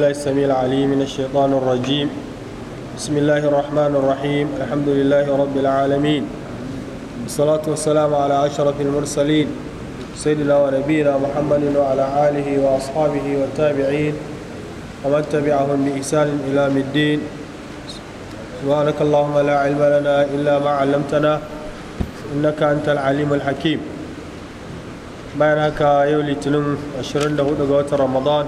بالله السميع العليم من الشيطان الرجيم بسم الله الرحمن الرحيم الحمد لله رب العالمين والصلاة والسلام على أشرف المرسلين سيدنا ونبينا محمد وعلى آله وأصحابه والتابعين ومن تبعهم بإحسان إلى الدين سبحانك اللهم لا علم لنا إلا ما علمتنا إنك أنت العليم الحكيم bayan يولي تنم litinin 24 رمضان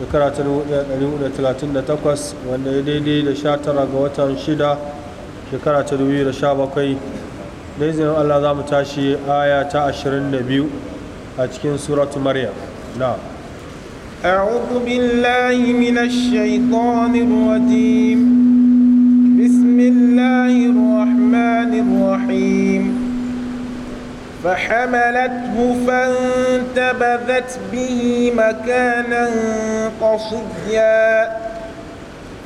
shekara ta 1438 wanda ya daidai da 19 ga watan shida shekara ta 2017 da izinin Allah za mu tashi aya ta 22 a cikin suratu maryam na أعوذ بالله من الشيطان الرجيم فحملته فانتبذت به مكانا قصيا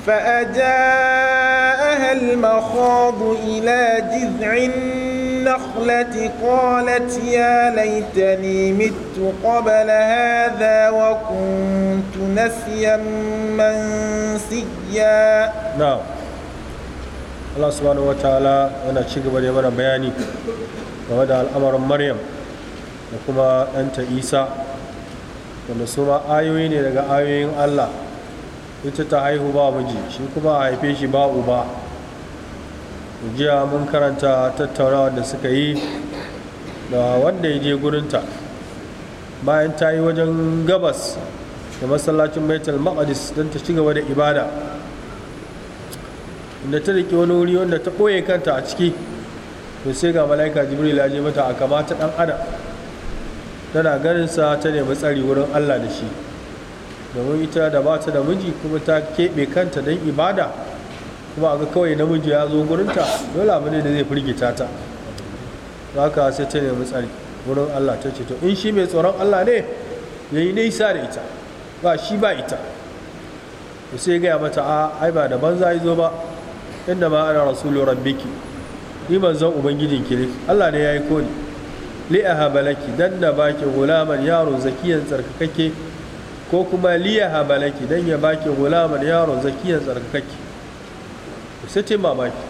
فأجاءها المخاض إلى جذع النخلة قالت يا ليتني مت قبل هذا وكنت نسيا منسيا نعم الله سبحانه وتعالى أنا شكرا لمن بياني game da al'amarin maryam da kuma ɗanta isa wanda su ma ayoyi ne daga ayoyin allah ita ta haihu ba miji shi kuma a haife shi ba uba jiya mun karanta tattaunawa da suka yi da wanda ya je gurinta bayan ta yi wajen gabas da masallacin baitul maqdis don ta ci gaba da ibada inda ta riƙe wani wuri wanda ta ɓoye kanta a ciki to sai ga mala'ika jibril ya je mata a kama ta dan adam tana ganin sa ta nemi tsari wurin Allah da shi domin ita da ba ta da miji kuma ta keɓe kanta dan ibada kuma aga kawai namiji ya zo gurinta dole abu ne da zai firgita ta haka sai ta nemi tsari wurin Allah ta ce to in shi mai tsoron Allah ne ya yi nisa da ita ba shi ba ita sai gaya mata a ai ba da banza ya zo ba inda ma ana rasulun rabbiki ni manzon ubangijin ki Allah ne ya yi ni li ahabalaki dan na baki gulaman yaro zakiyan tsarkakake ko kuma li ahabalaki dan ya baki gulaman yaro zakiyan tsarkakake sai ce mamaki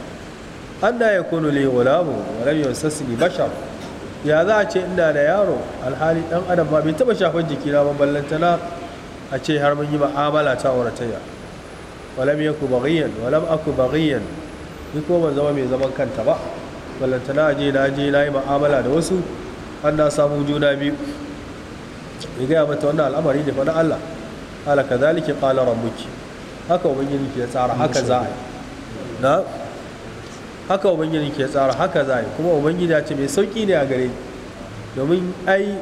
an anna yakunu li gulamu wa lam yansasni bashar ya za a ce ina da yaro alhali dan adam ba bai taba shafan jiki jikina ba ballantana a ce har mun yi ma'amala ta auratayya walam yaku baghiyan walam aku baghiyan ni ko ban zama mai zaman kanta ba ballantana a je na je na yi ma'amala da wasu an na samu juna biyu ya gaya mata wannan al'amari da fana Allah ala ka zalike ƙala rambuki haka ubangiji ke tsara haka za a yi na haka ubangiji ke tsara haka za a yi kuma ubangiji ya ce mai sauƙi ne a gare ni domin ai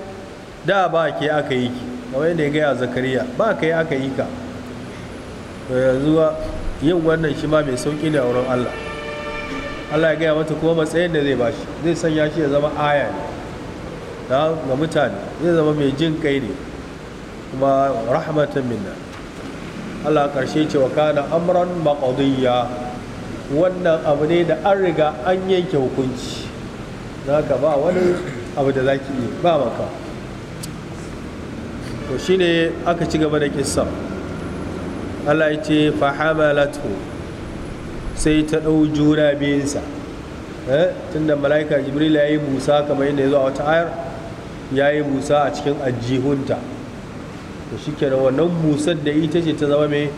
da ba ke aka yi ki kamar yadda ya gaya zakariya ba ka yi aka yi ka yanzu yin wannan shi ma mai sauƙi ne a wurin Allah Allah ya gaya mata kuma matsayin da zai bashi zai sanya shi ya zama aya ne ga mutane zai zama mai jin kai ne kuma rahmatan minna Allah karshe ce wa kana amran maqdiyya wannan abu ne da an riga an yanke hukunci ka ba wani abu da zaki yi ba maka to shine aka ci gaba da kissa Allah ya ce fahamalatu sai ta ɗau juna biyunsa eh, tunda mala'ika jibril ya yi musa kamar yadda ya zo a wata ayar ya yi musa a cikin ajihunta da shi kenan wannan musa da ita ce ta zama mai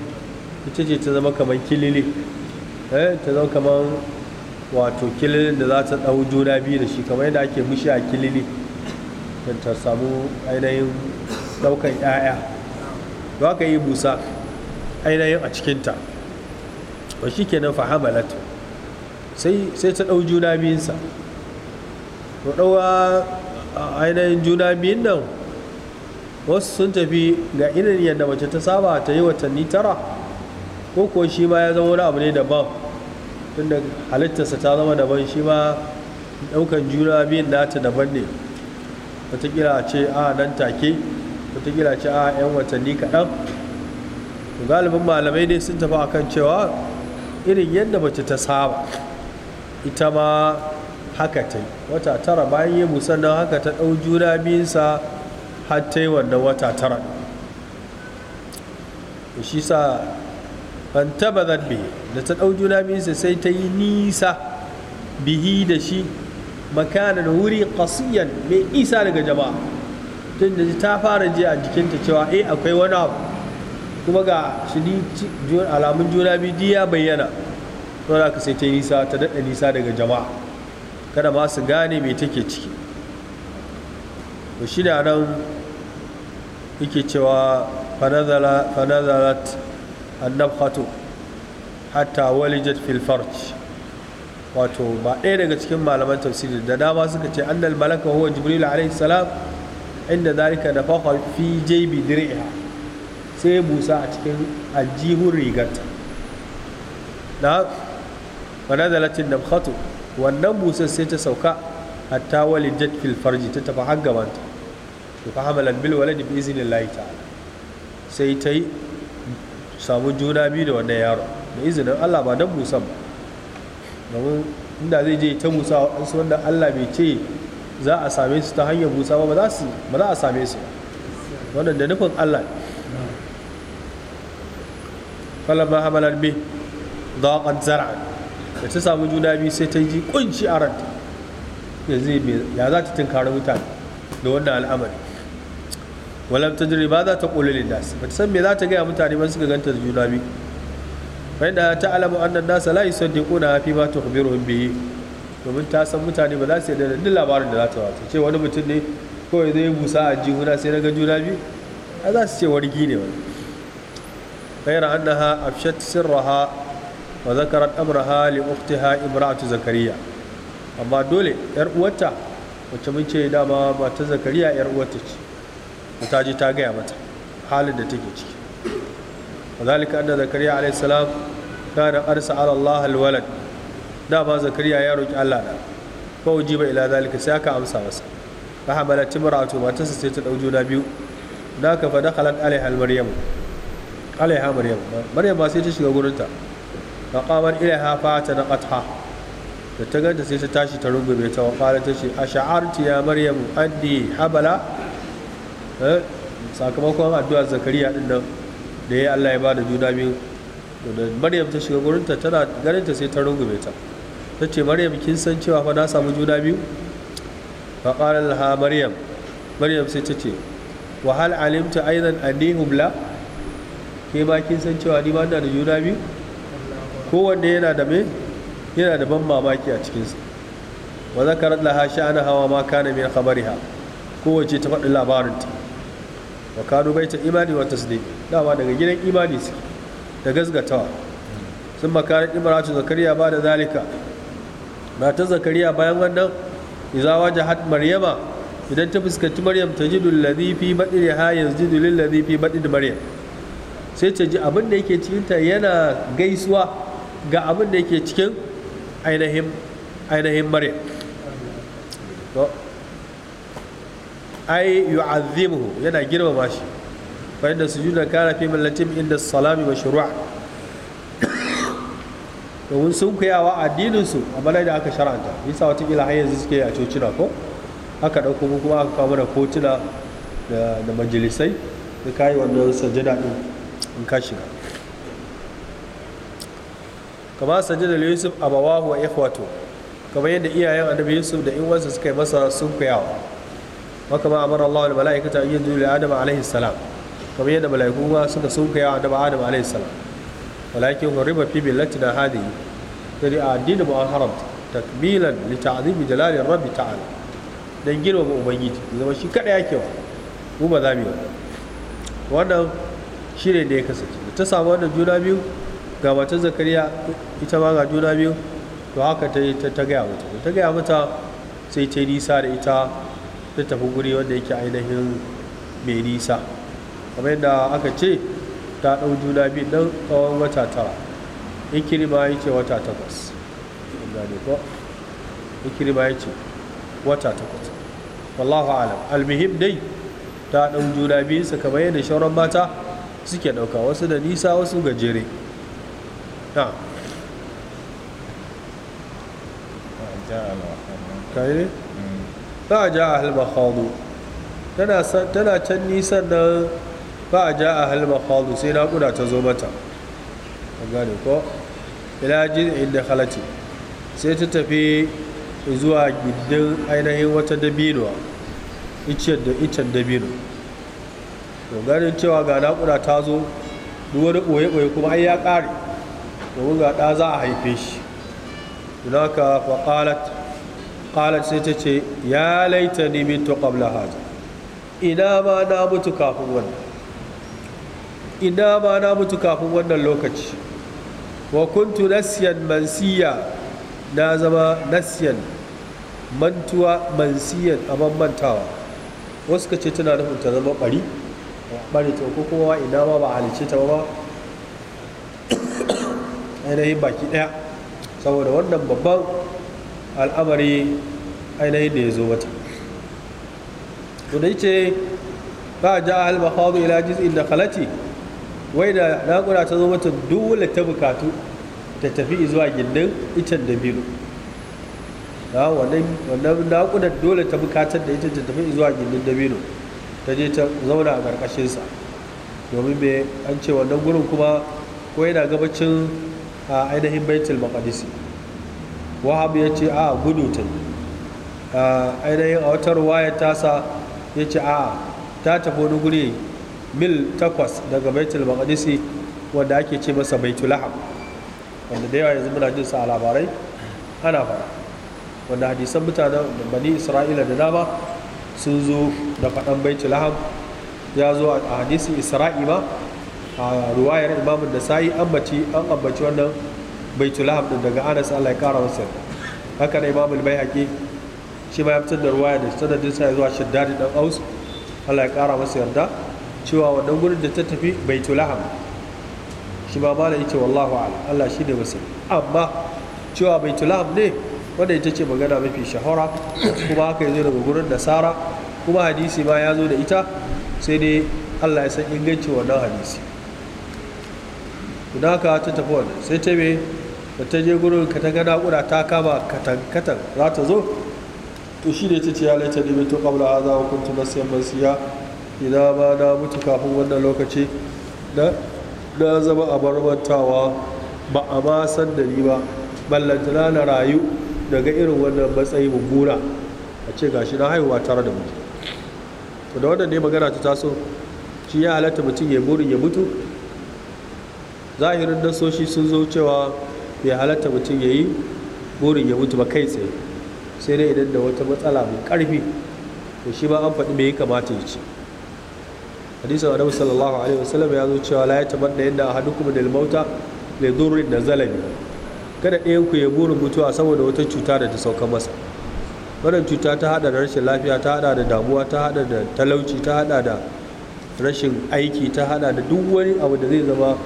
ita ce ta zama kamar kilili eh, ta zama kamar wato kililin da za ta ɗau juna biyu da shi kamar yadda ake mushi a kilili don ta samu ainihin ɗaukan 'ya'ya za ka yi musa ainihin a cikinta ba shi kenan fa hamalatu sai sai ta ɗau juna biyunsa to ɗauwa ainihin juna biyun nan wasu sun tafi ga irin yadda mace ta saba ta yi watanni tara ko kuwa shi ma ya zama wani abu ne daban tunda halittarsa ta zama daban shi ma ɗaukan juna biyun nata daban ne watakila ce a nan take watakila ce a 'yan watanni kaɗan galibin malamai ne sun tafi akan cewa irin yadda mace ta saba ita ma haka ta yi. wata tara bayan yi musannan haka ta ɗau juna biyunsa har ta yi wannan wata tara shi sa ban taba zan da ta ɗau juna biyunsa sai ta yi nisa bihi da shi makanan wuri kasiyan mai isa daga jama'a tun da ta fara je a jikinta cewa eh akwai wani abu kuma ga shidi alamun juna biyu duk ya bayyana to da ka sai ta nisa ta daɗa nisa daga jama'a kada ma su gane mai take ciki to shi da nan yake cewa fanazalat annabhatu hatta walijat fil farj wato ba ɗaya daga cikin malaman tafsiri da dama suka ce annal malaka huwa jibril alaihi salam inda zalika nafaqa fi jaybi dir'iha sai ya busa a cikin aljihun rigarta na da namhatu wannan busar sai ta sauka a tawali jet fil farji ta tafi har gabanta to fa hamalan bil waladi bi iznillahi ta'ala sai ta yi samu juna biyu da wannan yaro da izinin Allah ba don busan ba domin inda zai je ta musa waɗansu wanda Allah bai ce za a same su ta hanyar busa ba ba za a same su wannan da nufin Allah ne falama hamalar me zaƙan zara da ta samu juna biyu sai ta ji kunci a ranta ya za ta tunkari mutane da wannan al'amari walam ta jiri ba za ta ƙoli lindas ba ta san me za ta gaya mutane ba suka ganta da juna biyu bai da ta alamu annan nasa hafi ba ta ma tukhbiruhum biyu domin ta san mutane ba za su yarda da duk labarin da za ta wato ce wani mutum ne kawai zai busa a jihuna sai na ga juna biyu a za su ce wargi ne wani غير أنها أفشت سرها وذكرت أمرها لأختها امرأة زكريا أما دولي إرؤوتا وتمنشي داما ما تزكريا إرؤوتك وتاجي تاقيا متى حال النتيجة وذلك أن زكريا عليه السلام كان أرسى على الله الولد داما زكريا يرج الله فوجب إلى ذلك ساكا أمسى مسا فحملت امرأة ما تسسيت الأوجود بيو ذاك فدخلت عليها المريم alaiha maryam maryam ma sai ta shiga gurinta fa qamat ilaiha fa tanaqatha da ta ganta sai ta tashi ta rungume ta wa qala ta ce ash'arti ya maryam anni habala sakamakon addu'ar zakariya din nan da ya Allah ya ba da juna biyu to da maryam ta shiga gurin ta tana ta sai ta rungume ta ta ce maryam kin san cewa fa na samu juna biyu fa qala laha maryam maryam sai ta ce wa hal alimta aidan anni la ke ba kin san cewa ni ba da juna biyu kowanne yana da me yana da ban mamaki a cikinsa wa zakarat laha sha'ana hawa ma kana min khabariha kowace ta faɗi ta wa kanu baita imani wa tasdiq dama daga gidan imani su da gazgatawa sun makara imratu zakariya ba da zalika ta zakariya bayan wannan idza wajahat maryama idan ta fuskanci maryam tajidul ladhi fi batniha yazjidu lil ladhi fi badri maryam sai ce ji abin da yake cikinta yana gaisuwa ga abin da yake cikin ainihin ainihin maryam ai yu'azzimuhu yana girmama shi fa inda sujuda kana fi mallatin inda salami to domin sun kuyawa addininsu a malai da aka yasa bisa watakila har yanzu suke a cocina ko aka ɗauko kuma aka kawo mana kotuna da majalisai da kai wannan sajada din in ka shiga kama sajada da yusuf abawahu wa ikhwatu kamar yadda iyayen annabi yusuf da inwansa suka yi masa sun kuyawa maka ma amara Allah wal malaikata an yanzu da adam alaihi salam kamar yadda malaiku ma suka sun kuyawa annabi adam alaihi salam walakin hurriba fi billati da hadihi sai a addini ba haramta takbilan li ta'zimi jalalin rabbi ta'ala dan girmama ubangiji zama shi kada yake wa mu ba za mu yi wannan shi ne da ya kasance da ta samu wannan juna biyu ga mata zakariya ita ma ga juna biyu to haka ta yi ta gaya mata ta gaya mata sai ta nisa da ita ta tafi guri wanda yake ainihin mai nisa kamar yadda aka ce ta ɗau juna biyu don tsawon wata tara ma ya ce wata takwas ma ya ce wata takwas wallahu alam almihim dai ta ɗau juna biyu su kamar yadda shauran mata suke ɗauka wasu da nisa wasu gajere ba a ja a halmakhadu tana can nisan nan ba a ja a halmakhadu sai naƙuda ta zo mata gane ko ilajin inda halatti sai ta tafi zuwa gindin ainihin wata dabinuwa icen dabino ganin cewa ga naƙuda ta zo duk wani ɓoye-ɓoye kuma ai ya ƙare domin ga ɗa za a haife shi dunaka fa qalat qalat sai ta ce ya laita ni to qabla hada ina ma na mutu kafin wannan ina ma na mutu kafin wannan lokaci wa kuntu nasiyan mansiya na zama nasiyan mantuwa mansiyan a mantawa wasu ka ce tana nufin ta zama ɓari bari to ko kowa ina ma ba halice ta ba ainihin baki ɗaya saboda wannan babban al'amari ainihin da ya zo mata to da ce ba ja ahal mahadu ila jiz'in da khalati wai da naƙura ta zo mata dole ta bukatu ta tafi zuwa gindin itan da biyu wannan naƙudar dole ta bukatar da ita ta tafi zuwa gindin biyu ta je ta zauna a ƙarƙashinsa domin me an ce wannan gurin kuma ko yana gabacin a ainihin baitul maqdisi wahab ya ce a gudu ta ainihin a wata ta tasa ya ce a ta tafi wani guri mil takwas daga baitul maqdisi wanda ake ce masa baitul laham wanda da yawa yanzu muna jin sa a labarai ana fara wanda hadisan mutanen bani isra'ila da dama sun zo da faɗan baiti lahab ya zo a hadisin isra'i ma a ruwayar imamun da sa'i an ambaci wannan baitul lahab din daga anas allah ya kara wasu haka na imamul bai haƙi shi ma ya fitar da ruwaya da sanadin sa ya zuwa shaddadi dan aus allah ya kara masa yarda cewa wannan gurin da ta tafi baitul lahab shi ma da ita wallahu ala allah shi ne masani amma cewa baitul lahab ne wadda ita ce magana mafi shahara kuma haka ya zo daga gurin nasara kuma hadisi ma ya zo da ita sai dai allah ya san ingancin wannan hadisi guda ka ta tafi wannan sai ta me da ta je gurin ka ta gada kuda ta kama katankatan za ta zo to shi ne ta ce ya laita ne mito kabla haza wa kuntu nasiyan masiya idan ba na mutu kafin wannan lokaci na zama a barbantawa ba a ma san da ba ballantana na rayu daga irin wannan matsayi mummuna a ce gashi na haihuwa tare da mutu to da wannan ne magana ta taso shi ya halatta mutum ya burin ya mutu zahirin soshi sun zo cewa ya halatta mutum ya yi burin ya mutu ba kai tsaye sai dai idan da wata matsala mai karfi to shi ba an faɗi mai kamata ya ce wa annabi sallallahu alaihi wasallam ya zo cewa la ya da yadda kuma da mauta da durrin da bihi kada ɗayan ku ya burin mutuwa saboda wata cuta da ta sauka masa wannan cuta ta hada da rashin lafiya ta hada da damuwa ta hada da talauci ta hada da rashin aiki ta hada da duk wani abu da zai zama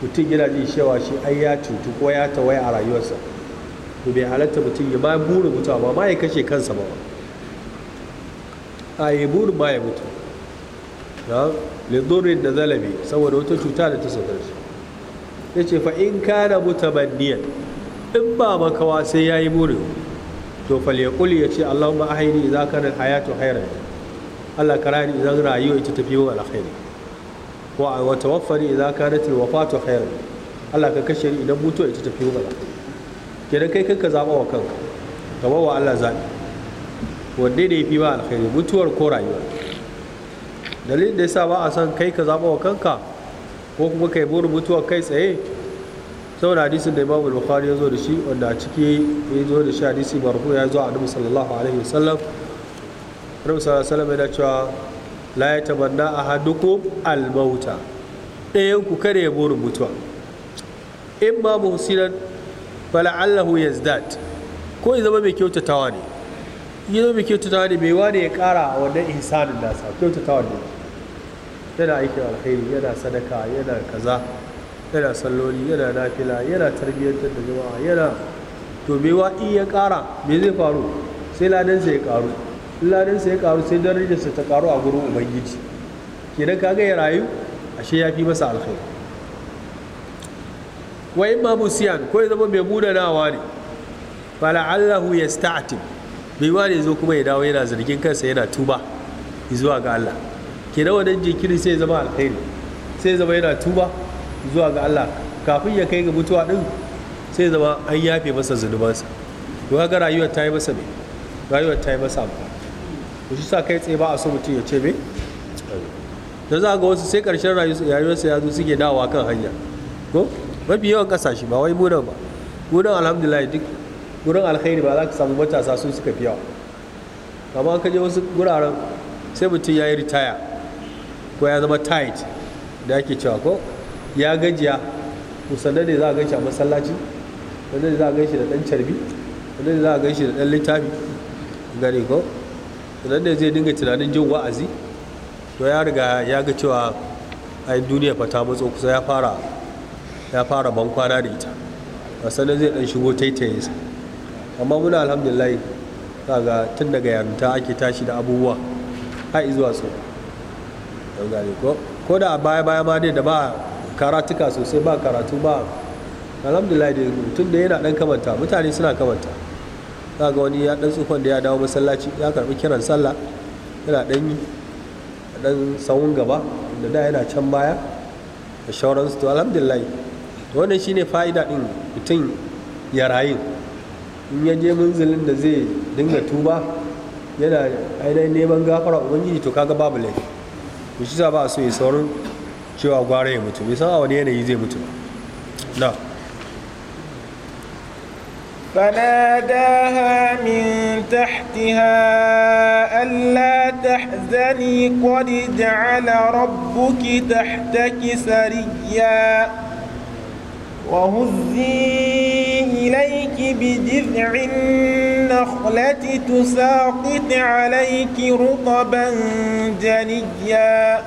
mutum yana jin shewa shi ai ya cutu ko ya tawaye a rayuwarsa to bai halatta mutum ya ma burin mutuwa ba ma ya kashe kansa ba a yi burin ma ya mutu na lidurin da zalabi saboda wata cuta da ta sauka shi ya ce fa in kana mutamanniyan in ba makawa sai ya yi buri, to falyakul ya ce a haini za ka kana hayatu hairar allah ka rani idan rayuwa ita tafi wa alkhairi wa wa tawaffani idza kanat alwafatu hairar allah ka kashe ni idan mutuwa ita tafi wa kenan kai kanka zaba wa kanka ka wa allah zabi wanda ne fi ba alkhairi mutuwar ko rayuwa dalilin da ya sa ba a san kai ka zaba wa kanka ko kuma kai burin mutuwa kai tsaye saboda hadisin da imamu bukhari ya zo da shi wanda a ciki ya zo da shi hadisi marfu ya zo a annabi sallallahu alaihi wasallam annabi sallallahu alaihi wasallam yana cewa la ya tamanna ahadukum al mauta ɗayan ku kada ya burin mutuwa in ma muhsinan fala'allahu yazdat ko ya zama mai kyautatawa ne ya zama mai kyautatawa ne mai wani ya ƙara wannan ihsanin nasa kyautatawa ne yana aikin alkhairi yana sadaka yana kaza yana salloli yana nafila yana tarbiyyantar da jama'a yana to wa in ya ƙara me zai faru sai ladansa ya ƙaru in ladansa ya ƙaru sai darajarsa ta ƙaru a gurin ubangiji kenan kaga ya rayu ashe ya fi masa alkhairi wa in ma musiyan ko ya zama mai munanawa ne fala'allahu yasta'tib bai wa ne zo kuma ya dawo yana zargin kansa yana tuba zuwa ga Allah kenan wannan jinkirin sai zama alkhairi sai zama yana tuba zuwa ga Allah kafin ya kai ga mutuwa din sai zama an yafe masa zunubansa to ga rayuwar ta yi masa me rayuwar ta yi masa amfani to shi sa kai tsaye ba a so mutum ya ce me da za ga wasu sai karshen rayuwarsa ya zo suke dawa kan hanya ko mafi yawan kasashe ba wai munan ba munan alhamdulillah duk gurin alkhairi ba za ka samu matasa su suka fi yawa amma ka je wasu guraren sai mutum ya yi ritaya ko ya zama tight da ake cewa ko ya gajiya to sannan ne za a gaishe a masallaci sannan ne za a gaishe da ɗan carbi sannan ne za a gaishe da ɗan littafi gani ko sannan ne zai dinga tunanin jin wa'azi to ya riga ya ga cewa ai duniya fa ta matso kusa ya fara ya fara bankwana da ita a sannan zai ɗan shigo sa amma muna alhamdulillah ga tun daga yarinta ake tashi da abubuwa har zuwa so ko da a baya baya ma ne da ba karatuka sosai ba karatu ba alhamdulillah da mutum da yana dan kamanta mutane suna kamanta za ga wani ya dan tsufan da ya dawo masallaci ya karbi kiran sallah yana dan yi dan sawun gaba da da yana can baya da shauransu to alhamdulillah wannan shine fa'ida din mutum ya rayu in ya je munzulin da zai dinga tuba yana ainihin neman gafara ubangiji to kaga babu laifi shi ba a so ya saurin cewa gwara ya mutu bai san a wani yanayi zai mutu na فناداها من تحتها ألا تحزني قد جعل ربك تحتك سريا وهزي إليك بجذع النخلة تساقط عليك رطبا جنيا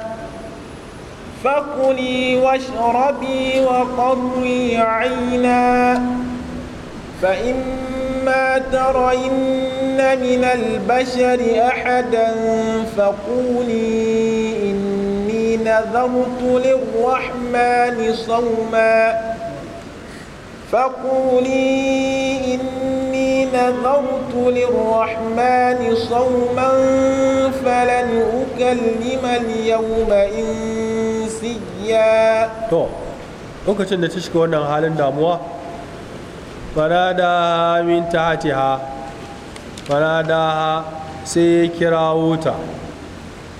فكلي واشربي وقري عينا فإما ترين من البشر أحدا فقولي إني نذرت للرحمن صوما فقولي إني نذرت للرحمن صوما فلن أكلم اليوم إن الدنيا to lokacin da ta shiga wannan halin damuwa fara da min ta hati ha fara da sai ya kira wuta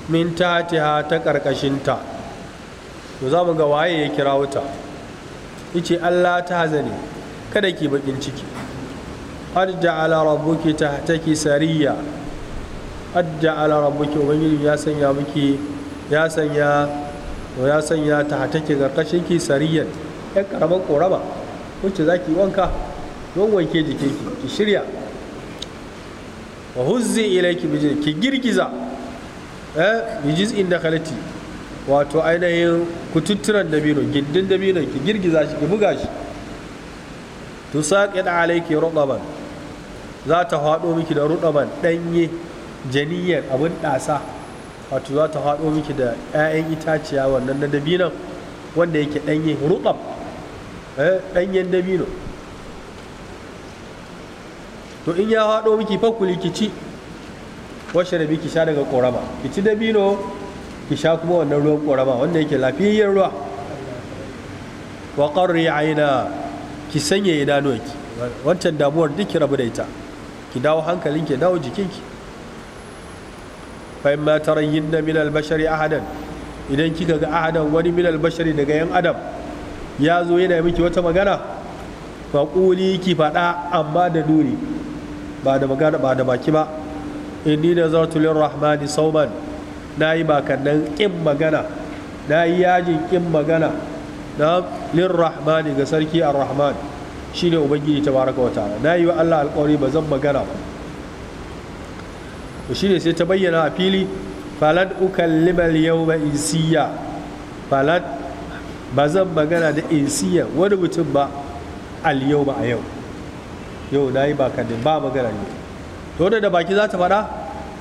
min ta hati ha ta karkashinta to za mu ga waye ya kira wuta yace Allah ta hazane kada ki bakin ciki arja ala rabbuki ta taki sariya arja ala rabbuki ubangiji ya sanya miki ya sanya to ya sanya ta take karkashin ki sariyan yan karamar korama wacce za ki wanka don wanke jikinki ki shirya wa huzzi ilayki bijin ki girgiza eh bijiz inda khalati wato ainihin kututturan dabino gindin dabino ki girgiza shi ki buga shi tusaqid alayki rudaban za ta haɗo miki da rudaban danye janiyar abin ɗasa. wato za ta haɗo miki da 'ya'yan itaciya wannan na dabinon wanda yake ɗanyen ruɓab eh, ɗanyen dabino to in ya haɗo miki fakuli ki ci washe rabi ki sha daga ƙorama ki ci dabino ki sha kuma wannan ruwan ƙorama wanda yake lafiyayyen ruwa wa ƙarri aina ki sanya ki wancan damuwar duk ki rabu da ita ki dawo hankalinki dawo jikinki fa in na tarayinna min albashari ahadan idan kika ga ahadan wani min albashari daga yan adam ya zo yana miki wata magana faƙuli ki faɗa amma da nuri ba da magana ba da baki ba inni nazartu lirrahmani sauman nayi bakannan kin magana yi yajin kin magana na lirrahmani ga sarki arrahman shine ubangiji baraka wa ta'ala nayi wa Allah alƙawari ba zan magana ba to shine sai ta bayyana a fili falad ukallimal yawma insiya falad ba zan magana da insiya wani mutum ba al yawma a yau yau na yi ba kadin ba magana ne to da da baki za ta faɗa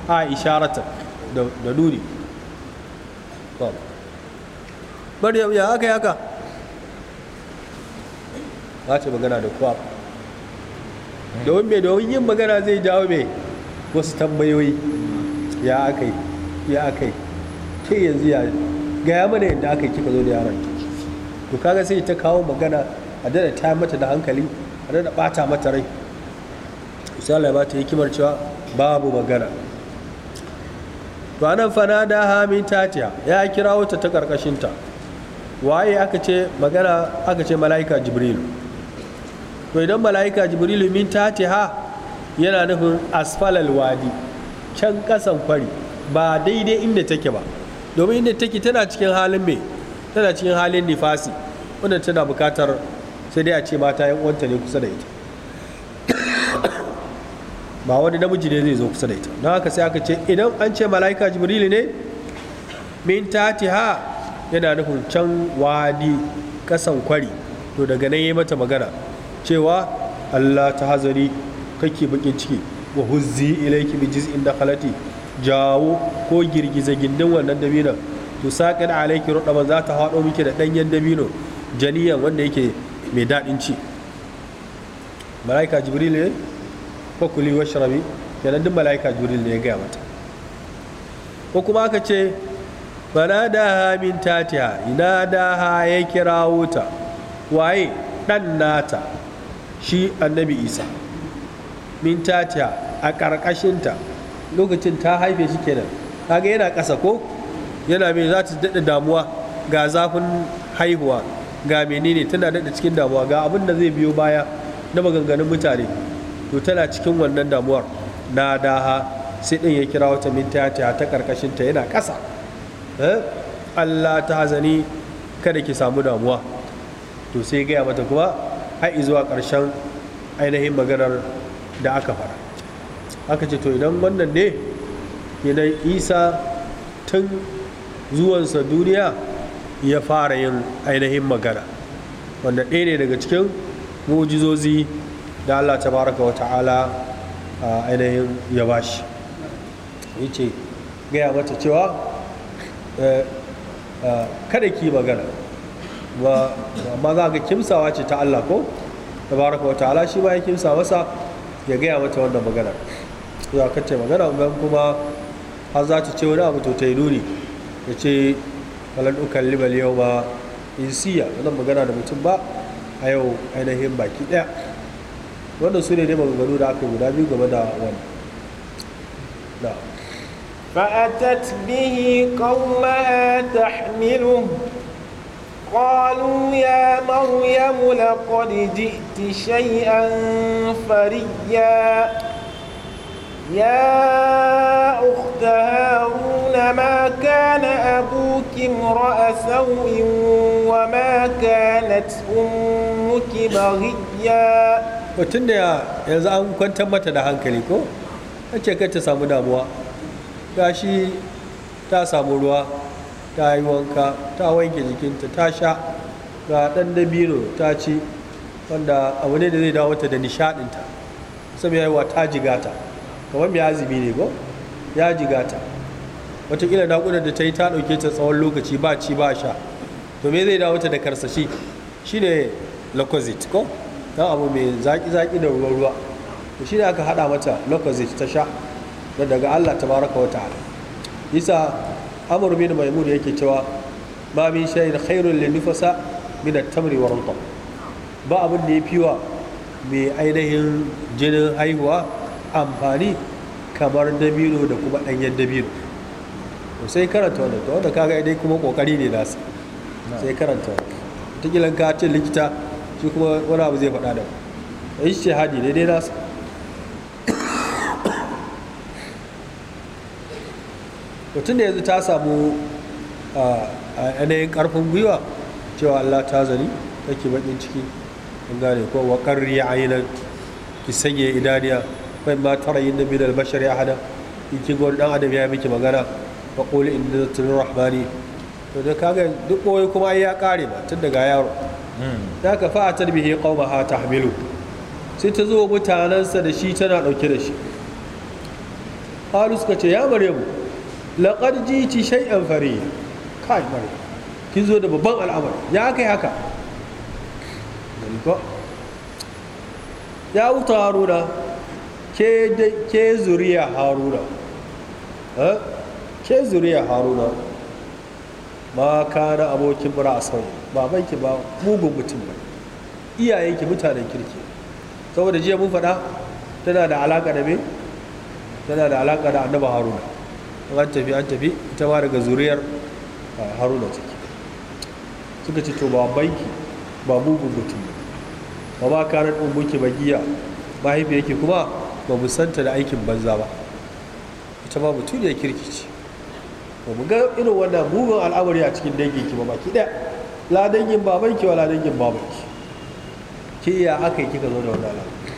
a isharata da nuni bari ya aka yi haka za ta magana da kuwa domin mai domin yin magana zai jawo mai wasu tambayoyi ya yi ya yi ke yanzu ya gaya mana yadda aka yi kika zo da yaron to kaga sai ta kawo magana a dada ta mata da hankali a dada bata mata rai Misali ba ta hikimar cewa babu magana to anan fana da hamin tatiya ya kira wata ta karkashinta waye aka ce magana aka ce mala'ika jibrilu to idan mala'ika jibrilu min tatiha yana nufin asfalal wadi can kasan kwari ba daidai inda take ba domin inda take tana cikin halin mai tana cikin halin nifasi wannan tana bukatar sai dai a ce mata yan uwanta ne kusa da ita ba wani namiji ne zai zo kusa da ita don haka sai aka ce idan an ce mala'ika jibrilu ne min tatiha yana nufin can wadi kasan kwari to daga nan ya mata magana cewa allah ta hazari kake bakin ciki wa huzzi ilayki bi jiz'in dakhalati jawo ko girgiza gindin wannan dabino to saqan alayki rudaba za ta hado miki da danyen dabino janiyan wanda yake mai dadin ci malaika jibril ne ko kuli washrabi kenan duk malaika jibril ne ya gaya mata ko kuma aka ce fanadaha min tatiha inadaha ya kirawo ta waye dan nata shi annabi isa min tatiya a ƙarƙashinta lokacin ta haife shi kenan kaga yana ƙasa ko yana mai za ta daɗa damuwa ga zafin haihuwa ga menene tana daɗa cikin damuwa ga abin da zai biyo baya na maganganun mutane to tana cikin wannan damuwar na daha sai ɗin ya kira wata min tatiya ta ƙarƙashinta yana ƙasa eh? Allah ta hazani kada ki samu damuwa to sai gaya mata kuma har zuwa ƙarshen ainihin maganar da aka fara aka ce to idan wannan ne idan isa tun zuwansa duniya ya fara yin ainihin magana wanda ɗaya ne daga cikin mujizozi da allah tabaraka wa ta'ala a ainihin ya bashi ya ce gaya mata cewa eh, eh, kada ki magana amma za ga kimsawa ce ta allah ko tabaraka wa ta'ala shi ma ya kimsa masa ya gaya mata wannan magana za ka ce magana bayan kuma har za ta ce wani abu to ta yi nuni ya ce falan libal yau ba in siya wannan magana da mutum ba a yau ainihin baki ɗaya wannan su ne ne maganganu da aka guda biyu game da wani a فأتت به قومها تحمله قالوا يا مريم لقد جئت شيئا فريا يا أخت هارون ما كان أبوك امرأ سوء وما كانت أمك بغيا mutum da yanzu an kwantar mata da hankali ko? ce ta samu damuwa gashi ta samu ruwa ta yi wanka ta wanke jikinta ta sha ga ɗan dabino ta ci wanda abu ne da zai dawo ta da nishaɗinta saboda yawa ta jigata kamar mai azumi ne ko ya jigata watakila naƙudar da ta yi ta ɗauke ta tsawon lokaci ba ci ba sha to me zai dawo ta da karsashi shi ne lokozit ko ta abu mai zaƙi-zaƙi da ruwa-ruwa to ne aka haɗa mata lokozit ta sha daga Allah tabaraka wata ta'ala isa amur bin maimun yake cewa ba min shay'in khairun lin nufasa min at-tamri wa rumta ba abin da ya wa mai ainihin jinin haihuwa amfani kamar dabino da kuma ɗanyen dabino sai karanta wanda to wanda kaga dai kuma kokari ne su sai karanta kilan ka ce likita shi kuma wani abu zai faɗa da ishtihadi ne dai nasa to da yanzu ta samu yanayin karfin gwiwa cewa Allah ta zani take bakin ciki in gane ko wa qarri nan ki sanya idaniya fa ma nabi da al ya hada in kin gwani dan adam ya miki magana in qul inna rahmani to da kaga duk boye kuma ya kare ba tun daga yaro hmm. da ka fa atar bihi ta tahmilu sai ta zo mutanensa da shi tana dauke da shi qalu suka ce ya maryamu ci shai shay'an fari kai bari kin zo da babban al'amari ya kai haka ya wuta haruna ke zuriya haruna eh? ke zuriya haruna ma na abokin bura a sauyi babanki ba mugun mutum ba ki mutanen kirki saboda jiya mun faɗa tana da alaƙa da me tana da alaƙa da annaba haruna an tafi an tafi ita ma daga zuriyar haruna ciki suka ce to banki ba mugun mutum ba ba ma karar ba haifi mahaifiyarki kuma ba mu santa da aikin banza ba ita ma mutum ya kirkici ba mu ga irin wannan mugun al'amari a cikin danginki ba baki ɗaya la dangin babanki wa la dangin babanki ke iya aka yi kika zo da wannan al'amari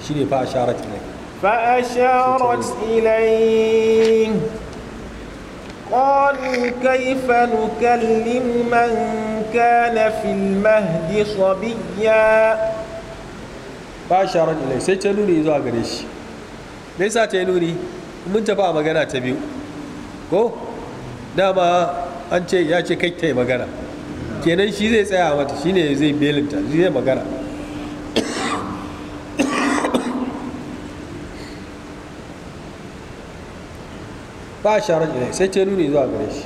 shi ne fa a sharar ilai فأشارت إليه قالوا كيف نكلم من كان في المهد صبيا فأشارت إليه سيتلوني إذا أقريش ليس تلوني mun tafi a magana ta biyu ko dama an ce ya ce kai ta magana kenan shi zai tsaya mata shine zai belinta zai magana ba a sharar ilai sai ta nuni zuwa gare shi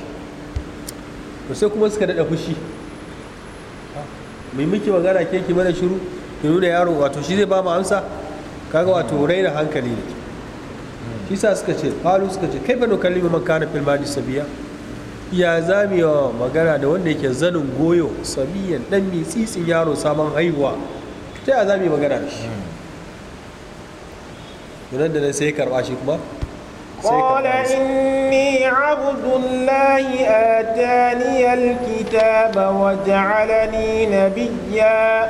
to sai kuma suka daɗa fushi mai miki magana ke ki mana shiru ki nuna yaro wato shi zai ba mu amsa kaga wato raina hankali ne shi sa suka ce falu suka ce kai bano kalli man kana fil madi sabiya ya zami wa magana da wanda yake zanin goyo sabiyan dan mi tsitsin yaro saman haihuwa ta ya zami magana da shi hmm. nan da na sai karba shi kuma قال إني عبد الله آتاني الكتاب وجعلني نبيا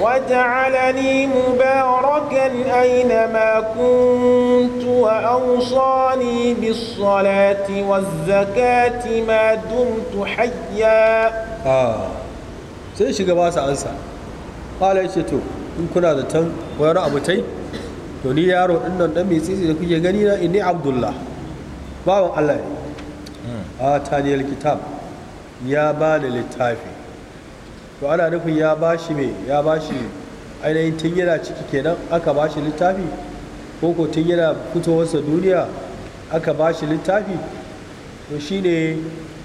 وجعلني مباركا أينما كنت وأوصاني بالصلاة والزكاة ما دمت حيا آه سيشي قباسة أنسى قال إيش تو إن كنا ذا تن ويرى أبو تي to ni yaro din nan dan mitsitsi da kuke gani na inni abdullah bawan allah ne hmm. a taniyar kitab ya ba da littafi to ana nufin ya ba shi me ya ba shi ainihin tun yana ciki kenan aka ba shi littafi ko ko tun yana fitowarsa duniya aka ba shi littafi to shi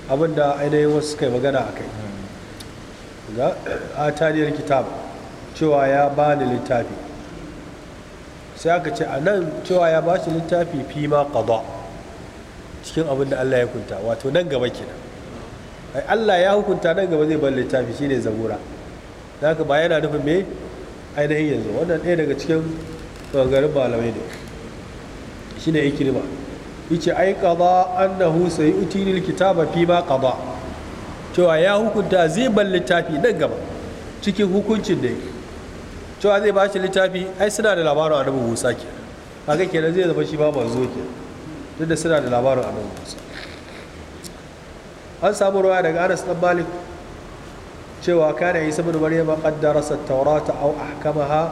abin da ainihin wasu suka yi magana a kai hmm. a taniyar kitab cewa ya ba da littafi sai aka ce a nan cewa ya ba shi littafi fi ma kaza cikin abin da Allah ya hukunta wato nan gaba kenan ai Allah ya hukunta nan gaba zai bar littafi shine zabura da haka ba yana nufin me ainihin yanzu wannan ɗaya daga cikin ɓangaren malamai ne shine ikirma yace ai qada annahu utini kitaba fi ma kaza cewa ya hukunta zai bar littafi nan gaba cikin hukuncin da yake cewa zai ba shi littafi ai suna da labarin annabi musa ke haka kenan zai zama shi ba manzo ke duk da suna da labarin annabi musa an samu ruwa daga anas dan malik cewa kana isa bin maryama qad darasa at-taurata aw ahkamaha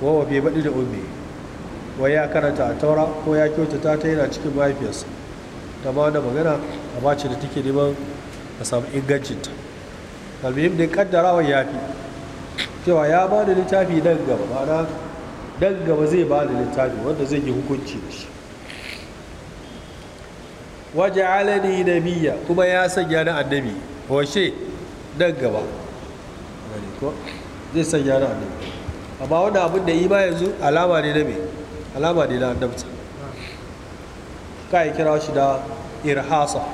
wa huwa badi da ummi wa ya karanta taura ko ya kyautata ta yana cikin mahaifiyarsa ta ba da magana a bace da take neman a samu ingancinta albihim da kaddarawa ya fi cewa ya ba da littafi dan gaba ma'ana dan gaba zai ba da littafi wanda zai yi hukunci da shi waje alani nabiya kuma ya sanya na annabi hoshe dan gaba zai sanya na annabi amma wanda abin da ima yanzu alama ne na alama ne na annabta ka yi kira shi da irhasa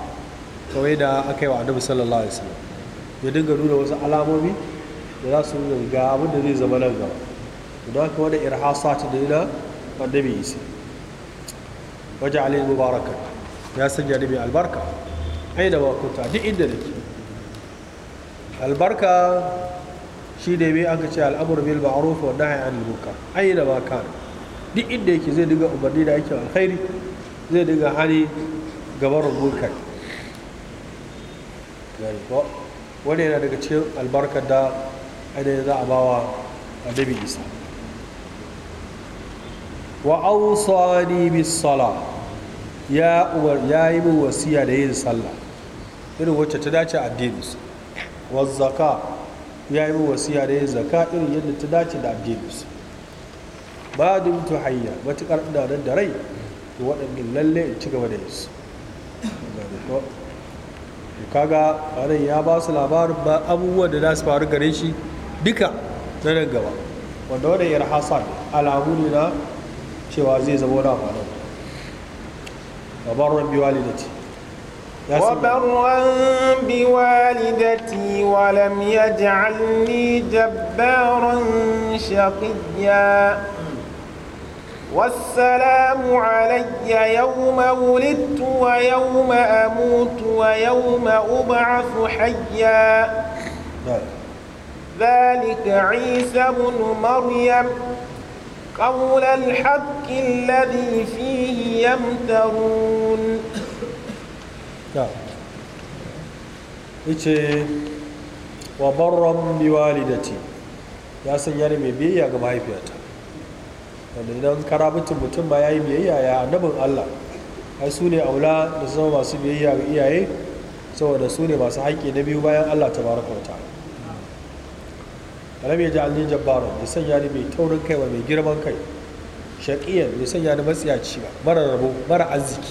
kawai da aka yi wa annabi sallallahu alaihi wasallam ya dinga nuna wasu alamomi da za su ga abin da zai zama nan gaba da haka wani irhasa ta daina annabi isa waje alayhi mubaraka ya sanya ni mai albarka ai da makunta duk inda nake albarka shi ne mai aka ce al'amur bil ma'ruf wa nahy anil munkar ai da ma kana duk inda yake zai dinga umarni da aikin alkhairi zai dinga hani gabar munkar wani yana daga cikin albarkar da da za a bawa annabi isa wa awsani bis sala ya ya yi min wasiya da yin sallah irin wacce ta dace addininsa wa zaka ya yi min wasiya da yin zaka irin yadda ta dace da addininsa ba da mutu hayya matuƙar ina nan da rai to waɗannan lalle in ci gaba da yin kaga ranar ya ba su labarin ba abubuwan da za su faru gare shi duka na nan gaba wanda wanda ya rahasa alamu ne na cewa zai zama wani amfani وبرا بوالدتي وبرا بوالدتي ولم يجعلني جبارا شقيا والسلام علي يوم ولدت ويوم أموت ويوم أبعث حيا ذلك عيسى بن مريم قول الحق الذي فيه يمترون ice wa barron biwalidati ya sanya ni mai biyayya ga mahaifiyata wanda idan karabitin mutum ba ya yi biyayya ya annabin allah ai su ne aula da zama masu biyayya ga iyaye saboda su ne masu haƙƙi na biyu bayan allah ta baraka wata alam ya ja'alni jabbaro ya sanya ni mai taurin kai wa mai girman kai shaqiyan bai sanya ni matsiyaci ba mara rabo mara arziki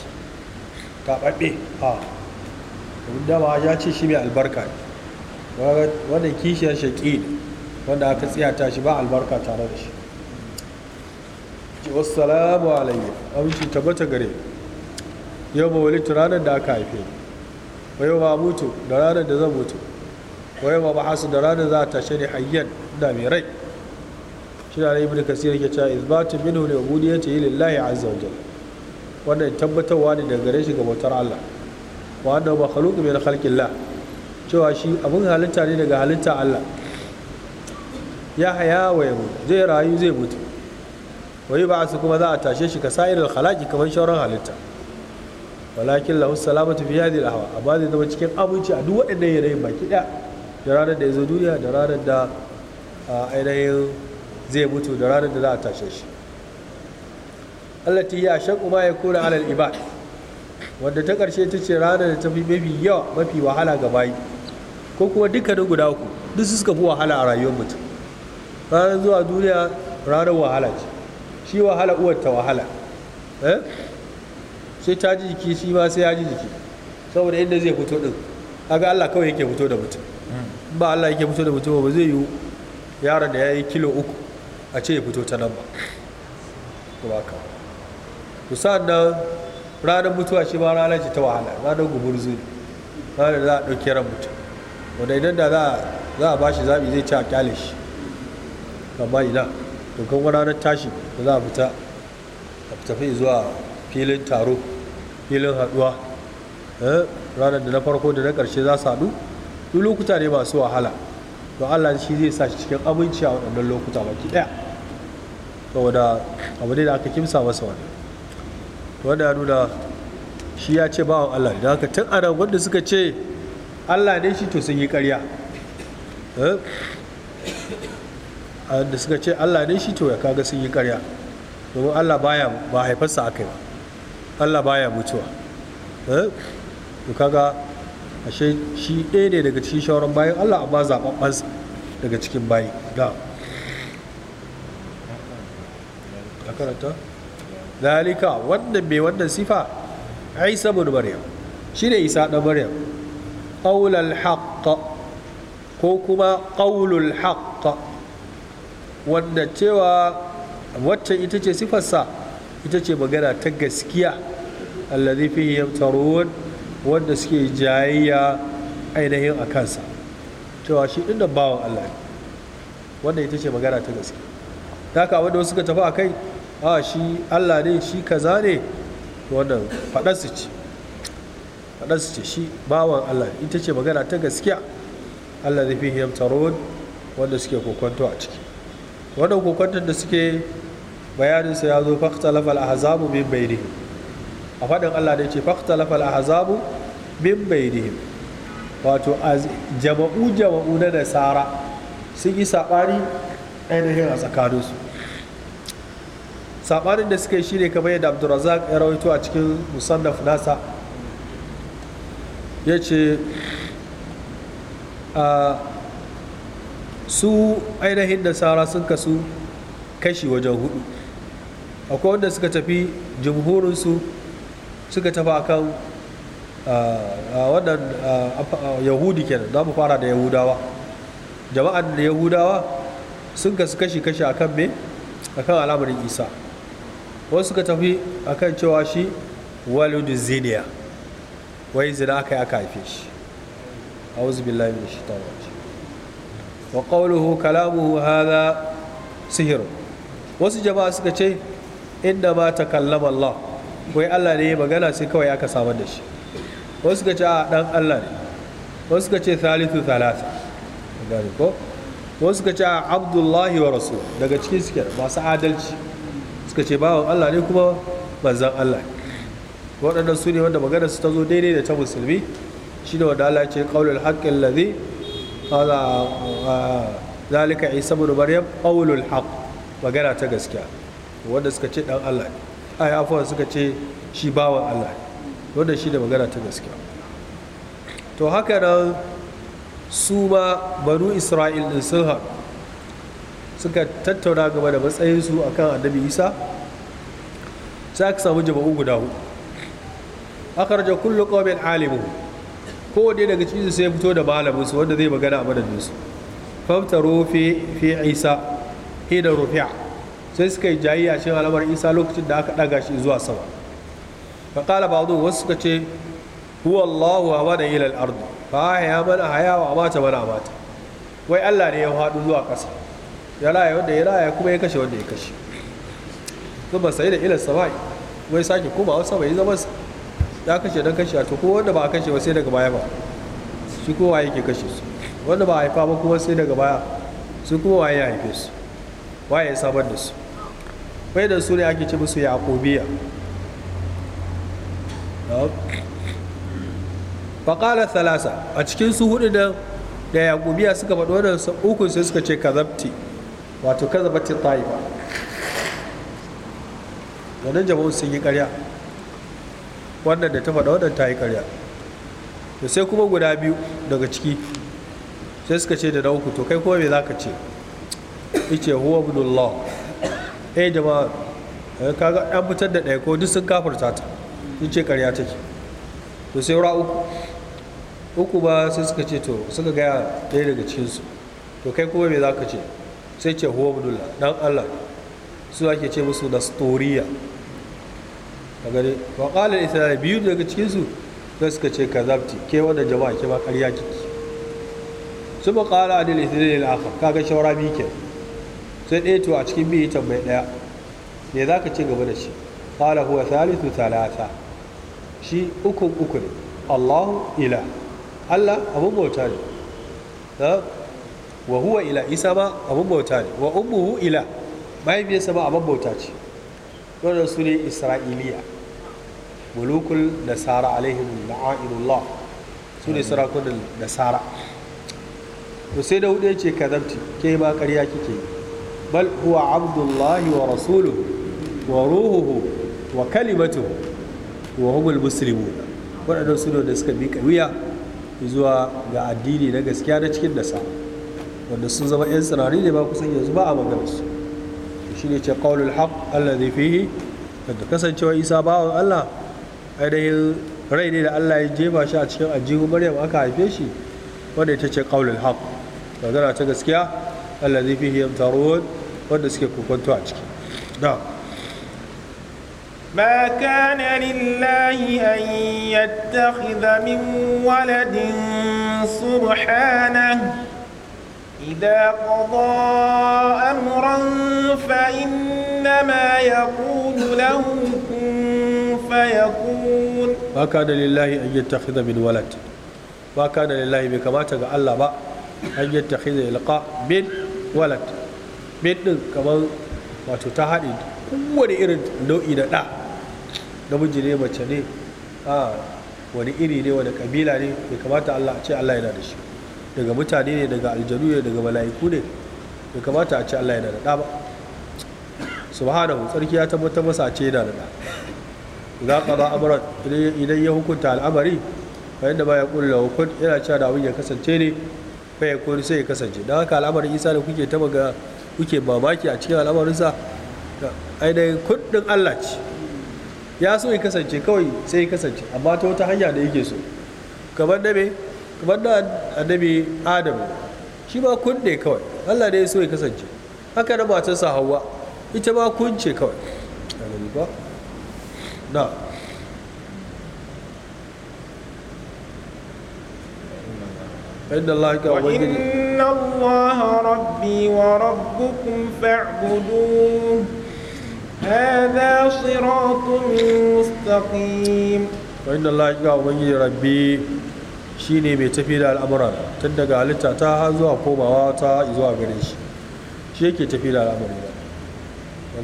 tababbe a da ba ya ce shi mai albarka ne wanda kishiyar shaqi wanda aka ta shi ba albarka tare da shi wassalamu alayhi aminci tabbata gare yau ma walitu ranar da aka haife wa yau ma mutu da ranar da zan mutu wa yau ma hasu da ranar za a tashe shari hayyan hudda mai rai shi da ibn kasir yake cewa izbatu minhu al-ubudiyyati lillahi azza wa jalla wannan tabbatarwa ne daga gare shi ga bautar Allah wa annahu makhluq min khalqillah cewa shi abin halitta ne daga halitta Allah ya haya wa yamu zai rayu zai mutu wai ba su kuma za a tashe shi ka sa'irar halaki kamar shauran halitta walakin lahu salamatu fi hadhihi al-ahwa amma zai zama cikin abinci a duk waɗannan yanayin baki ɗaya da ranar da ya zo duniya da ranar da ainihin zai mutu da ranar da za a tashe shi allati ya shaƙu ma ya kura alal ibad wanda ta ƙarshe ta ce ranar da ta fi mafi yawa mafi wahala ga bayi ko kuma dukkanin guda uku duk su suka fi wahala a rayuwar mutum ranar zuwa duniya ranar wahala ce shi wahala uwar ta wahala eh? sai ta ji jiki shi ma sai ya ji jiki saboda inda zai fito din kaga Allah kawai yake fito da mutum hmm. ba Allah yake fito da mutum ba zai yiwu Yaron da ya yi kilo uku a ce ya fito ta nan ba ka to ranar mutuwa shi ma ranar ce ta wahala ranar gubur ne ranar da za a ɗauki ran mutum wanda idan da za a ba shi zaɓi zai ci a kyale shi amma ina to kan tashi da za a fita a tafi zuwa filin taro filin haɗuwa eh, ranar da na farko da na ƙarshe za su haɗu duk lokuta ne masu wahala to Allah shi zai sa shi cikin abinci a waɗannan lokuta baki ɗaya saboda abu ne da aka kimsa masa wani to wanda ya nuna shi ya ce bawan Allah da haka tun anan wanda suka ce Allah ne shi to sun yi ƙarya eh? da suka ce Allah ne shi to ya kaga sun yi ƙarya domin Allah baya ba haifarsa yi ba Allah baya mutuwa eh? to kaga ashe shi ɗaya ne daga cikin shawarar bayan Allah a amma zaɓaɓɓansa daga cikin bayi ga karanta zalika wannan mai wannan sifa isa bin maryam shine isa ɗan maryam qaulal haqq ko kuma qaulul haqq wanda cewa wacce ita ce sifarsa ita ce magana ta gaskiya allazi fihi yamtarun wanda suke jayayya ainihin a kansa cewa shi inda bawan Allah ne wanda ita ce magana ta gaske daga wanda suka tafi a kai a shi Allah ne shi kaza ne wannan faɗarsu ce faɗarsu ce shi bawan Allah ita ce magana ta gaskiya Allah zai fi yamtaron wanda suke kokonto a ciki wannan kokonton da suke bayaninsa ya zo a ahzabu min bainihim a faɗin Allah da ya ce fakhtalafa ahzabu min bainihim wato a jama'u jama'u na nasara sun yi saɓani ainihin a tsakaninsu saɓanin da suka yi shi ne kamar yadda abdurazak ya rawaito a cikin musannaf nasa ya ce su ainihin nasara sun kasu kashi wajen hudu akwai wanda suka tafi jimhurinsu suka tafi akan wannan yahudi kenan za mu fara da yahudawa jama'an da yahudawa sun kasu kashi-kashi akan me akan al'amarin isa wasu suka tafi akan cewa shi walidu Zinia, wai zina aka yi aka haife shi a'udhu billahi shi ta rajim wa ƙauluhu kalamuhu hada sihiru wasu jama'a suka ce inda ma kallama Allah wai Allah ne magana sai kawai aka samar da shi wasu suka ce a dan Allah ne wasu suka ce thalithu thalatha gane ko wasu suka ce a Abdullahi wa rasul daga cikin suke masu adalci suka ce bawan Allah ne kuma manzan Allah waɗannan su ne wanda magana su ta zo daidai da ta musulmi shi ne wanda Allah ya ce qaulul haqqil ladhi qala zalika isa ibn maryam qaulul haqq magana ta gaskiya wanda suka ce dan Allah ne ai afuwa suka ce shi bawan Allah wanda shi da magana ta gaskiya to haka nan su ma banu isra'il din sun haɗu suka tattauna game da matsayinsu kan annabi isa sai aka samu jama'u guda hudu aka raja kullum qawmin alimu kowane daga cikin sai fito da malaminsu wanda zai magana a madadinsu Famta rufe fi isa hina rufi'a sai suka yi jayayya cikin al'amar isa lokacin da aka daga shi zuwa sama fa qala ba'dhu wasu suka ce huwa Allahu amana ila al-ard fa ya mana haya wa amata man amata wai Allah ne ya haɗu zuwa ƙasa ya raya wanda ya raya kuma ya kashe wanda ya kashe kuma sai da ila sama'i wai sake kuma wasa bai zama ya kashe dan kashe to ko wanda ba a kashe ba sai daga baya ba shi kowa yake kashe su wanda ba a haifa ba kuma sai daga baya su kuma waye ya haife su waye ya samar da su wai da su ne ake ci musu yaqubiya faƙala thalasa a cikin su hudu da da yaqubiya suka faɗo da ukun sai suka ce kazabti wato kazabati taifa wannan jama'u sun yi ƙarya wannan da ta faɗa wannan ta yi ƙarya to sai kuma guda biyu daga ciki sai suka ce da na uku to kai kuma me za ka ce ice huwa abdullahi eh jama'a kaga an fitar da ɗaya ko duk sun kafarta ta sun ce ƙarya take to sai ra uku uku ba sai suka ce to suka gaya ɗaya daga cikinsu to kai kuma me za ka ce sai ce huwa budulla dan allah su ake ce musu nastoriya a gari ba ƙalar isra'ila biyu daga cikinsu sai suka ce ka zabti ke wanda jama'a ke ba ƙarya kiki su ba ƙala adil isra'ila al'akha kaga shawara biyu kenan sai ɗaya to a cikin biyu tambayi ɗaya me za ka ci gaba da shi qala huwa thalithu thalatha shi uku uku ne Allahu ila Allah abun bauta ne wa huwa ila Isa ma abun bauta ne wa ummuhu ila mahaifiyarsa ma abun bauta ce wannan su ne Isra'iliya mulukul nasara alaihim la'ainullah su ne sarakunan nasara to sai da hudu ya ce kazabti ke ma karya kike yi bal abdullahi wa rasuluhu wa ruhuhu wa kalimatuhu wa waɗannan su da suka bi wuya zuwa ga addini na gaskiya na cikin nasa wanda sun zama 'yan tsirari ne ba kusan yanzu ba a maganarsu shi ne ce ƙaunar haƙ allah zai fi da kasancewa isa bawan allah ainihin rai ne da allah ya jefa shi a cikin ajihun maryam aka haife shi wanda ita ce ƙaunar haƙ magana ta gaskiya allah zai fi yamtarun wanda suke kokonto a ciki na'am ما كان لله أن يتخذ من ولد سبحانه إذا قضى أمرا فإنما يقول له كن فيكون ما كان لله أن يتخذ من ولد ما كان لله بكما تقع الله أن يتخذ إلقاء من ولد bet din kamar wato ta haɗe kowane irin nau'i na ɗa namiji ne mace ne a wani iri ne wani kabila ne bai kamata Allah a ce Allah yana da shi daga mutane ne daga aljanu ne daga mala'iku ne bai kamata a ce Allah yana da ɗa ba subhanahu tsarki ya tabbata masa a ce yana da ɗa idan ba amuran idan ya hukunta al'amari ba yadda ba ya kulla hukun yana cewa da abin ya kasance ne fa ya kori sai ya kasance don haka al'amarin Isa da kuke ta maga kuke babaki a cikin al'amarinsa ai dai kuɗin Allah ce ya so ya kasance kawai sai ya kasance amma ta wata hanya da yake so kamar da me kamar da annabi Adam shi ba kun ne kawai Allah ne ya so ya kasance haka da matarsa Hawwa ita ma kun ce kawai na inna Allah rabbi wa rabbukum fa'buduhu wa ga ubangiji rabbi shine mai tafi da al'amura tun daga halitta ta zuwa komawa ta zuwa gare shi shi yake tafi da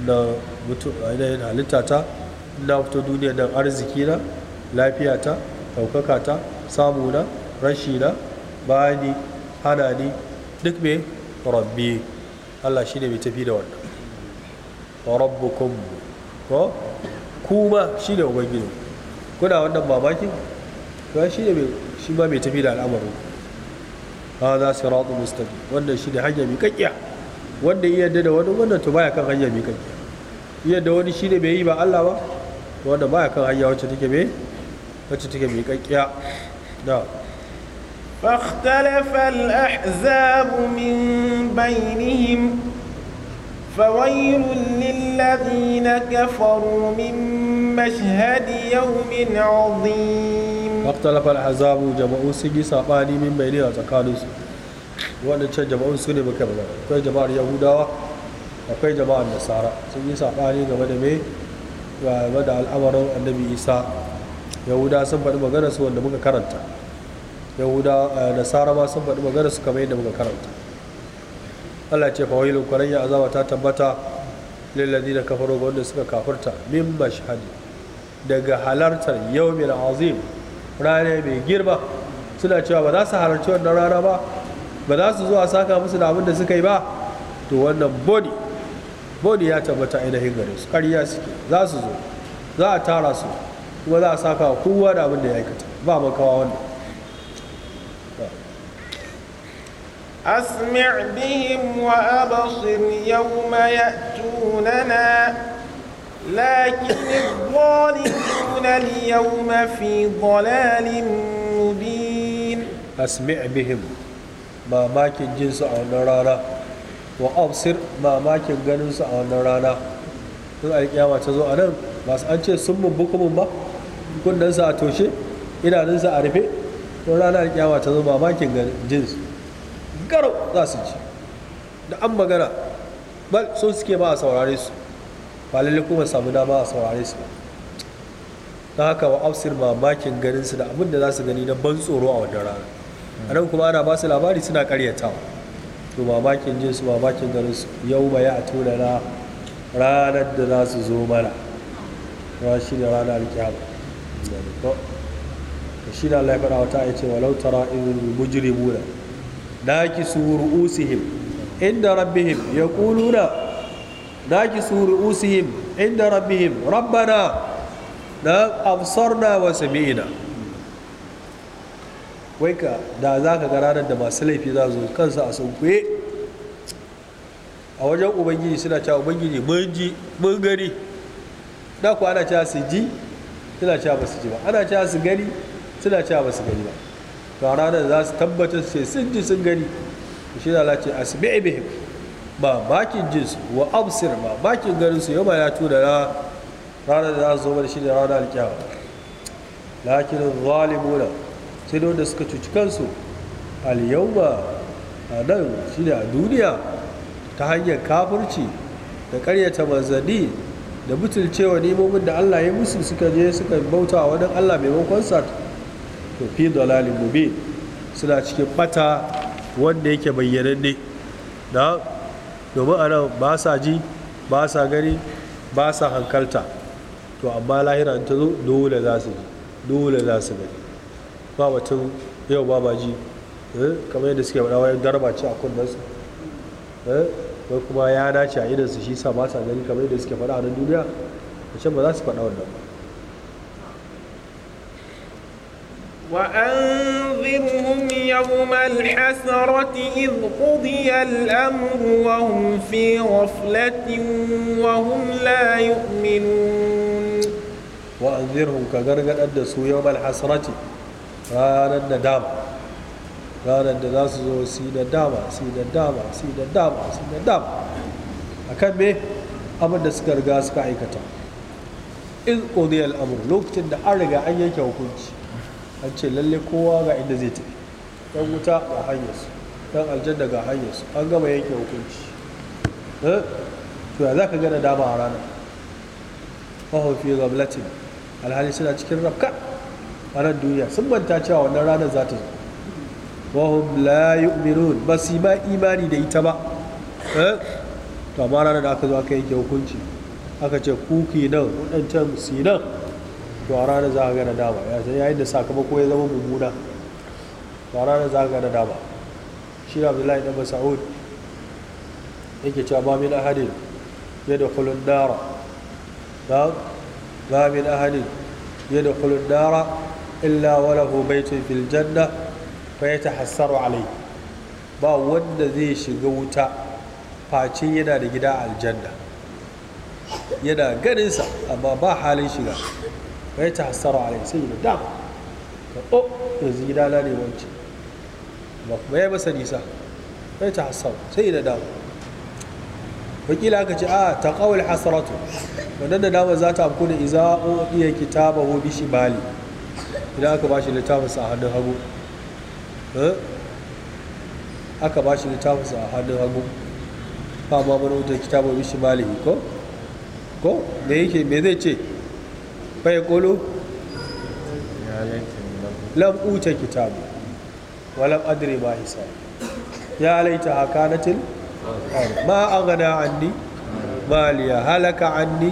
na halitta ta na fito duniya nan arziki na lafiya ta ɗaukaka ta samu na bani hana ni duk me rabbi Allah shi ne mai tafi da wannan wa rabbukum ko kuma shi ne ubangiji kuna wannan mamakin to shi ne shi ba mai tafi da al'amarin su siratu mustaqim wannan shi ne hanya mai kakkiya wanda iya da wani wannan to baya kan hanya mai kakkiya da wani shi ne bai yi ba Allah ba wanda baya kan hanya wacce take mai wacce take mai kakkiya da فاختلف الأحزاب من بينهم فويل للذين كفروا من مشهد يوم عظيم فاختلف الأحزاب جمعوا سجي سعباني من بينها تقالوا وأن تشاهد جمعوا سجي بكبلا فأي جماعة اليهودة وأي جماعة النصارى سجي سعباني كبدا مي وبدأ الأمر النبي إيسا يهودة سنبت مغنس وأن مغنس yahuda da eh, saraba sun faɗi magana su kamar yadda muka karanta Allah ce fawailun ya azaba ta tabbata lillazi da kafaro ga wanda suka kafarta min mashhadi daga halartar mai azim rana mai girma suna cewa ba za su halarci wannan rana ba ba za su zo a saka musu da abin da suka yi ba to wannan boni boni ya tabbata ainihin gare su ƙarya suke za su zo za a tara su kuma za a saka kowa da abin da ya aikata ba makawa wannan أسمع بهم وأبصر يوم يأتوننا لكن الظالمون اليوم في ضلال مبين أسمع بهم ما ماكن جنس أو نرانا وأبصر ما ماكن جنس أو نرانا in alƙiyama ta zo a nan masu an ce sun mun bukumin ba kundinsa a toshe idanunsa a rufe don ranar alƙiyama ta zo mamakin jins karau za su ji da an magana bal so suke ba a saurare su ba lalle kuma samu dama a saurare su ta haka wa afsir mamakin ganin su da abin da za su gani na ban tsoro a wannan rana a nan kuma ana ba su labari suna karyatawa to mamakin jin su mamakin ganin su yau ma ya tona na ranar da za su zo mana ra shi da ranar alkiyama shi da Allah ya faɗa wata ya ce walau tara in mujrimuna suru usihim inda rabbihim daki suru usihim inda rabbihim rabbana na absarna wa sami'na wai ka da za ka ga ranar da masu laifi za su kansa a sunkuye a wajen ubangiji suna cewa ubangiji mun ji mun gani da ku ana cewa su ji suna cewa ba su ji ba ana cewa su gani suna cewa ba su gani ba to ranar za su tabbatar sai sun ji sun gani shi da ce asbi bihim ba bakin jinsu wa absir ba bakin garin su ya tura na ranar da za su zo da shi da ranar alkyawa lakin zalimuna sai da suka cuci kansu alyawma a nan shi da duniya ta hanyar kafirci da karyata manzanni da butulcewa nemomin da allah ya musu suka je suka bauta wa wani allah maimakon sa to fi dalalin mubin suna cikin bata wanda yake bayyananne da domin a nan ba sa ji ba sa gani ba sa hankalta to amma lahira ta zo dole za su ji dole za su gani ba batun yau ba ba ji eh, kamar yadda suke wadawa yin darba ce a kunnensu eh, wai kuma ya dace a idansu shi sa ba sa gani kamar yadda suke faɗa a nan duniya a can ba za su faɗa wannan ba وأنذرهم يوم الحسرة إذ قضي الأمر وهم في غفلة وهم لا يؤمنون وأنذرهم كغرغ أدسوا يوم الحسرة ران الندام ران الناس زو سيد الدام سيد الدام سيد الدام سيد الدام أكاد به أبدا سكرغاز كأي إذ قضي الأمر لوكتن دعرق أي كوكوشي an ce lalle kowa ga inda zai tafi dan wuta ga hanyarsu dan aljanna ga hanyarsu an gama yanke hukunci eh? to ya za ka gana dama a ranar fiye ga gamlatin alhali suna cikin rafka a ran duniya sun manta cewa wannan ranar za ta zo wahum la yu'minun ba su ma imani da ita ba eh? to amma ranar da aka zo aka yanke hukunci aka ce kuki nan waɗancan su nan to a ranar za a ga nadama yayin da sakamako ya zama mummuna to a ranar za a ga nadama shi da abdullahi dan mas'ud yake cewa ba min ahadin yadkhulu an-nara da ba min ahadin yadkhulu an-nara illa wa lahu baytun fil janna fa yatahassaru alayhi ba wanda zai shiga wuta face yana da gida aljanna yana ganinsa amma ba halin shiga ta ya a alai sai da dama ka o oh, zai gida na ne wance ba kuma ya masa nisa wa ya hasara sai yi da dama wakila aka ce a ah, ta kawul hasaratu wannan da dama za ta amku a iza o iya kitaba ho bishi bali idan aka bashi littafinsa a hannun hagu eh? aka bashi littafinsa a hannun hagu ba ma mana wuta kitaba bishi bali ko ko me yake me zai ce fa yaqulu ya laitani lam uta kitabu wa lam adri ma hisabi ya laita hakanatil ma aghna anni maliya halaka anni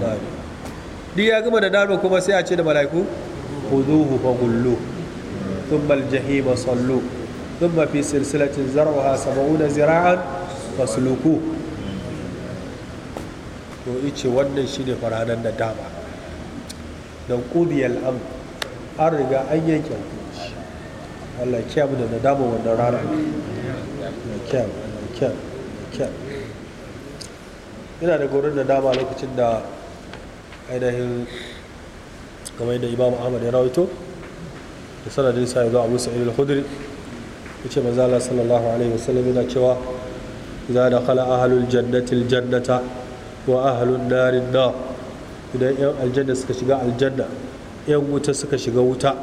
mali di ya gama da dano kuma sai a ce da malaiku khuduhu fa gullu thumma al-jahima sallu thumma fi silsilatin zar'uha 70 zira'an fasluku to ice wannan shine faranan da dama da ƙudiyar am an riga an yanke hukunci Allah kyam da nadama wannan rana na kyam na kyam na kyam ina da gorin nadama lokacin da ainihin kamar da imam ahmad ya rawaito da sanadin sa yanzu abu sa'id al-khudri yace manzo Allah sallallahu alaihi wasallam yana cewa da dakhala ahlul jannati al-jannata wa ahlun nar an-nar idan 'yan aljanna suka shiga aljanna 'yan wuta suka shiga wuta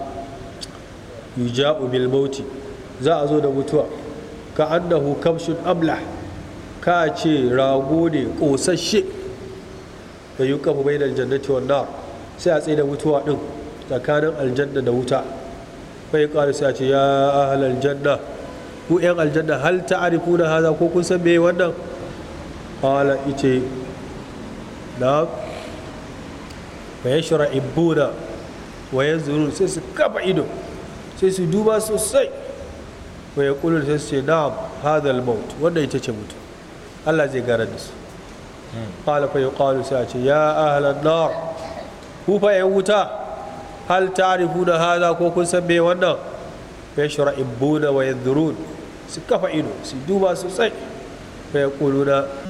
yuja'u bil mauti za a zo da mutuwa ka annahu kamshin amla ka ce rago ne ƙosashe da yi kafa bai da aljannati wanda sai a tsaye da mutuwa ɗin tsakanin aljanna da wuta bai ƙari sai a ce ya ahal aljanna ku 'yan aljanna hal ta arifu na haza ko kun san me wannan ƙala ice na fa yashra ibura wa yazuru sai su kafa ido sai su duba sosai wa yaqulu sai su ce da hadha al-maut wanda ita ce mutu Allah zai gara da su qala fa yuqalu sai a ce ya ahlan nar ku fa yan wuta hal ta'rifuna hadha ko kun san me wannan fa yashra ibuna wa yanzurun su kafa ido su duba sosai fa yaquluna